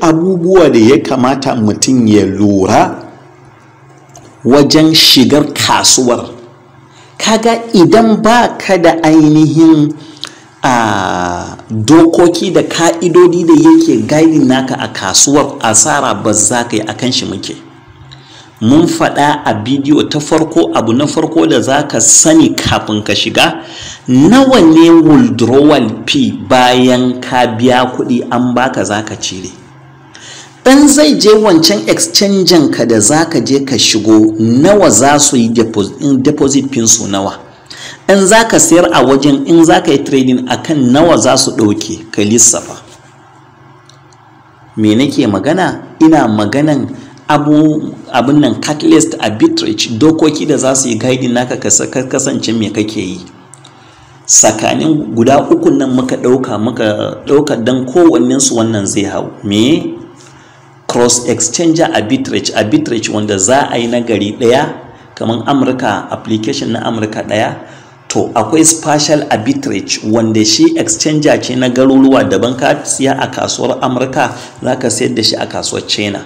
abubuwa da ya kamata mutum ya lura wajen shigar kasuwar kaga idan ba ka da ainihin a dokoki da ka'idodi da yake gaidin naka a kasuwar asara ba za ka yi kan shi muke mun faɗa a bidiyo ta farko abu na farko da za ka sani kafin ka shiga nawa ne withdrawal fee bayan ka biya kuɗi an baka za ka cire ɗan zai je wancan exchange ka da za ka je ka shigo nawa za su yi deposit su nawa ɗan za ka sayar a wajen in za ka yi trading akan nawa za su ɗauke ka lissafa me nake magana ina maganan abu abin nan catalyst arbitrage dokoki da za su yi guiding naka ka kasance me kake yi tsakanin guda uku nan muka ɗauka muka ɗauka don kowannen su wannan zai hau me cross exchanger arbitrage arbitrage wanda za a yi na gari ɗaya kamar amurka application na amurka ɗaya to akwai special arbitrage wanda shi exchanger ce na garuruwa daban ka siya a kasuwar amurka za ka sayar da shi a kasuwar china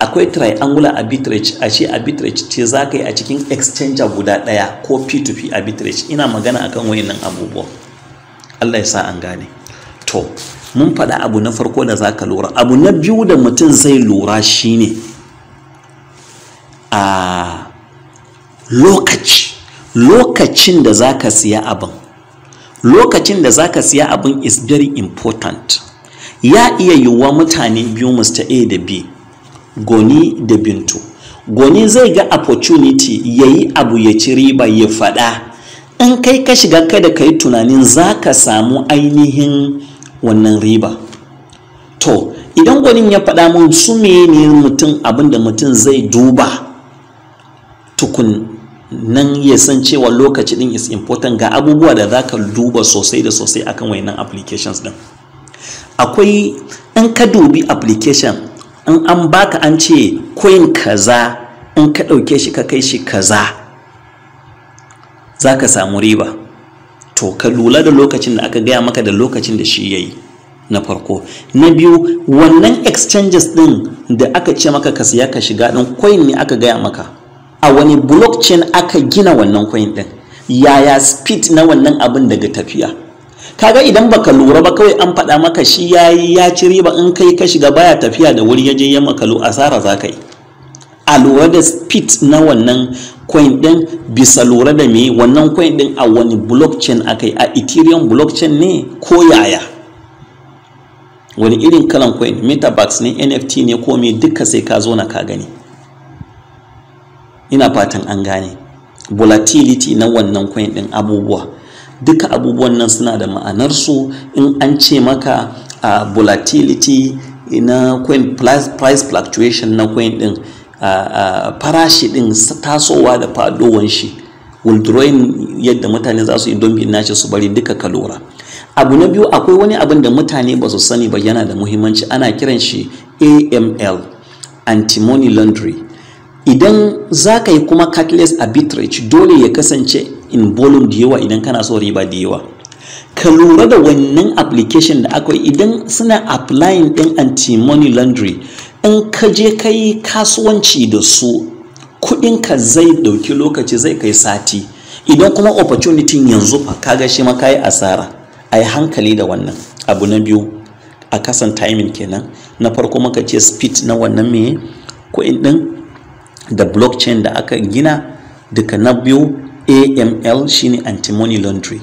akwai triangular arbitrage a ce arbitrage ce za ka yi a cikin exchanger guda ɗaya ko p2p arbitrage ina magana akan wayannan abubuwa allah ya sa an gane to mun faɗa abu na farko da za ka lura abu na biyu da mutum zai lura shine a lokaci lokacin da za ka siya abin lokacin da za ka siya abin is very important ya iya yiwuwa mutane biyu mr a da b goni da bintu goni zai ga opportunity ya yi abu ya ci riba ya faɗa in kai ka shiga kada ka yi tunanin za ka samu ainihin wannan riba to idan gonin ya faɗa mun su ne mutum abinda mutum zai duba tukun nan ya san cewa lokaci din is important ga abubuwa da za ka duba sosai da sosai akan wayannan applications din akwai in ka dubi application in an baka an ce coin kaza in ka ɗauke shi ka kai shi kaza za ka samu riba to ka lula da lokacin da aka gaya maka da lokacin da shi ya yi na farko na biyu wannan exchanges ɗin da aka ce maka ka siya ka shiga ɗin coin ne aka gaya maka a wani blockchain aka gina wannan coin ɗin yaya speed na wannan abin daga tafiya kaga idan baka lura ba kawai an faɗa maka shi yayi ya ci riba in kai ka shiga baya tafiya da wuri yaje ya maka asara za ka yi a lura da speed na wannan coin din bisa lura da me wannan coin din a wani blockchain akai a ethereum blockchain ne ko yaya wani irin kalan coin metabox ne nft ne ko me duka sai ka zo na ka gani ina fatan an gane volatility na wannan coin din abubuwa duka abubuwan nan suna da ma'anar su in an ce maka a volatility na coin price fluctuation na coin din farashi din tasowa da fadowan shi withdrawing yadda mutane za su yi don bin nashi su bari duka kalora. abu na biyu akwai wani abin da mutane ba su sani ba yana da muhimmanci ana kiran shi aml anti-money laundry idan za ka yi kuma catalyst arbitrage dole ya kasance in volume da yawa idan kana so riba da yawa ka lura da wannan application da akwai idan suna applying din anti money laundry in ka je ka yi kasuwanci da su ka zai dauki lokaci zai kai sati idan kuma opportunity yanzu fa kaga shi ma yi asara ai hankali da wannan abu na biyu a kasan timing kenan na farko maka ce speed na wannan mai kuɗin din da blockchain da aka gina duka na biyu aml shine anti-money laundry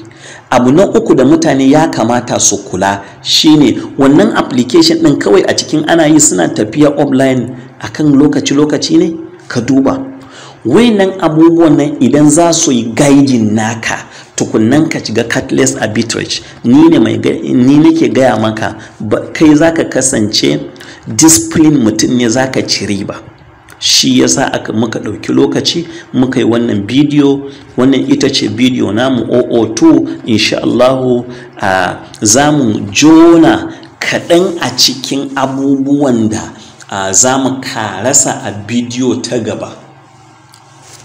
abu na uku da mutane ya kamata su kula shine wannan application ɗin kawai a cikin ana yi suna tafiya online akan lokaci-lokaci ne ka duba wayannan abubuwan nan idan za su yi gaidin naka tukunnan ka shiga cutlass arbitrage ni ne mai ni nake gaya maka kai zaka kasance discipline mutum ne zaka ci ba. shi yasa aka muka ɗauki lokaci muka yi wannan bidiyo wannan ita ce bidiyo namu oo2 insha Allahu za mu jona kaɗan a cikin abubuwan da za mu karasa a bidiyo ta gaba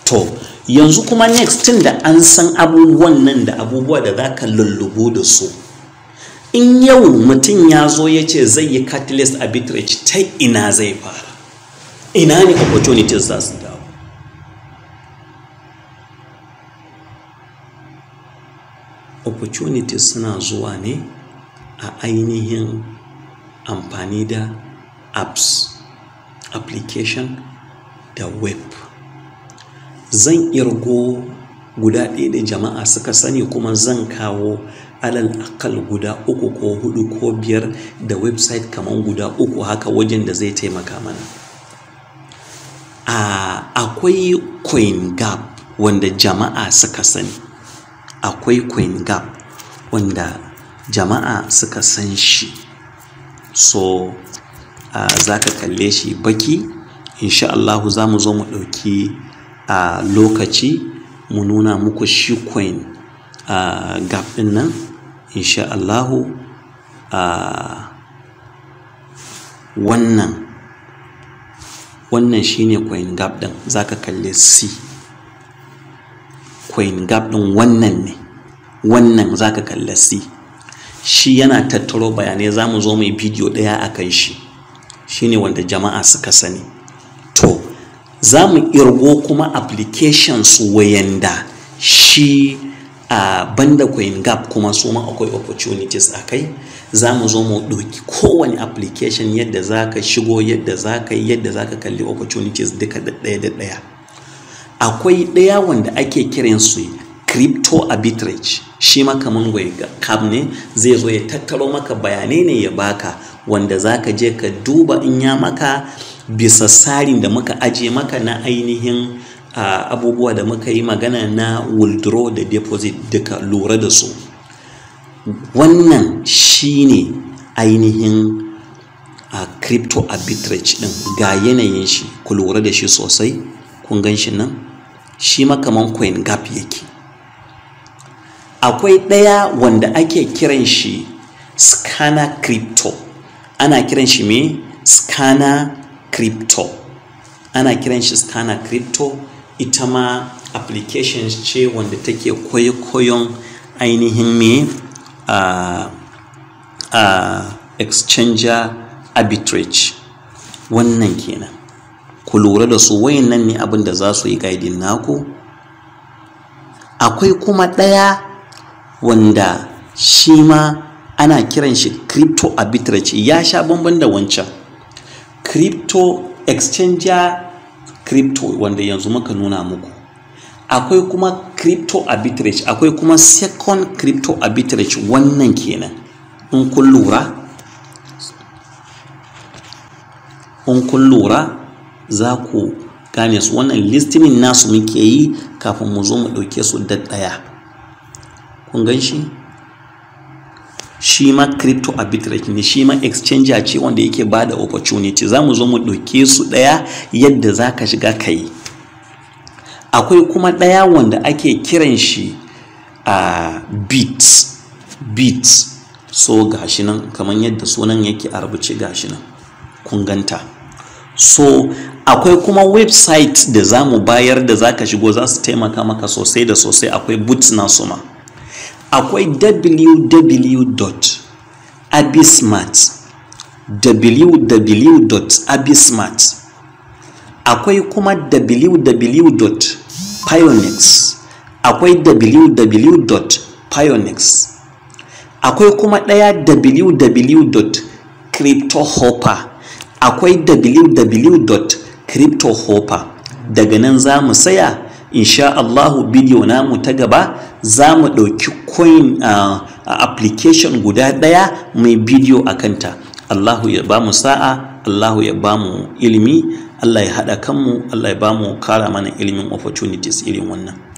to yanzu kuma next tun da an san abubuwan nan da abubuwa da za ka lullubo da su in yau mutum ya zo ya ce zai yi catalyst arbitrage ta ina zai fara ina ne opportunities za su dawo opportunities suna zuwa ne a ainihin amfani da apps application da web zan irgo guda ɗaya da jama'a suka sani kuma zan kawo alal akal guda uku ko hudu ko biyar da website kamar guda uku haka wajen da zai taimaka mana akwai coin gap wanda jama'a suka sani akwai coin gap wanda jama'a suka san shi so uh, za ka kalle shi baki insha Allahu za mu zo mu ɗauki a lokaci mu nuna muku shi coin uh, gap ɗin nan insha Allahu uh, wannan wannan shine coin gap din zaka kalle c coin gap din wannan ne wannan zaka kalle c shi yana tattaro bayanai za mu zo mai bidiyo ɗaya a kan shi shine wanda jama'a suka sani to za mu irgo kuma applications wayanda shi a banda coin gap kuma su ma akwai opportunities a kai za mu zo mu ɗauki kowane application yadda za ka shigo yadda za ka yi yadda za ka kalli opportunities duka da ɗaya da ɗaya akwai ɗaya wanda ake kiransu crypto arbitrage shi maka mangwai kam ne zai zo ya tattaro maka bayanai ne ya baka wanda za ka je ka duba in ya maka bisa tsarin da muka aje maka na ainihin ah, abubuwa da muka yi magana na withdraw da deposit duka lura da su wannan shine ainihin a crypto arbitrage din ga yanayin shi ku lura da shi sosai kun gan shi nan shi makaman coin gap yake akwai ɗaya wanda ake kiran shi scanner crypto ana kiran shi me scanner crypto ana kiran shi scanner crypto ita ma applications ce wanda take kwaikwayon ainihin me a a exchanger arbitrage wannan kenan ku lura da su wayannan ne abin da za su yi guiding naku akwai kuma ɗaya wanda shi ma ana kiran shi crypto arbitrage ya sha bamban da wancan crypto exchanger crypto wanda yanzu muka nuna muku akwai kuma crypto arbitrage akwai kuma second crypto arbitrage wannan kenan in kun lura in kun lura za ku gane su wannan listinin nasu muke yi kafin mu zo mu ɗauke su da ɗaya kun gan shi shi ma crypto arbitrage ne shi ma exchanger ce wanda yake ba da opportunity za mu zo mu ɗauke su ɗaya yadda za ka shiga ka yi akwai kuma ɗaya wanda ake kiran shi a beat beat so gashi nan kamar yadda sunan yake a rubuce gashi nan kun so akwai kuma website da za mu bayar da za ka shigo za su taimaka maka sosai da sosai akwai boots na suma akwai www.abismart www.abismart akwai kuma www.abismart pionex akwai www.pionex akwai kuma ɗaya www.cryptohopper akwai www.cryptohopper daga nan za mu saya insha Allahu bidiyo namu ta gaba za mu ɗauki coin application guda ɗaya mai bidiyo a kanta Allahu ya ba mu sa'a Allahu ya ba mu ilimi Allah ya haɗa kanmu Allah ya ba mu kara mana ilimin opportunities irin wannan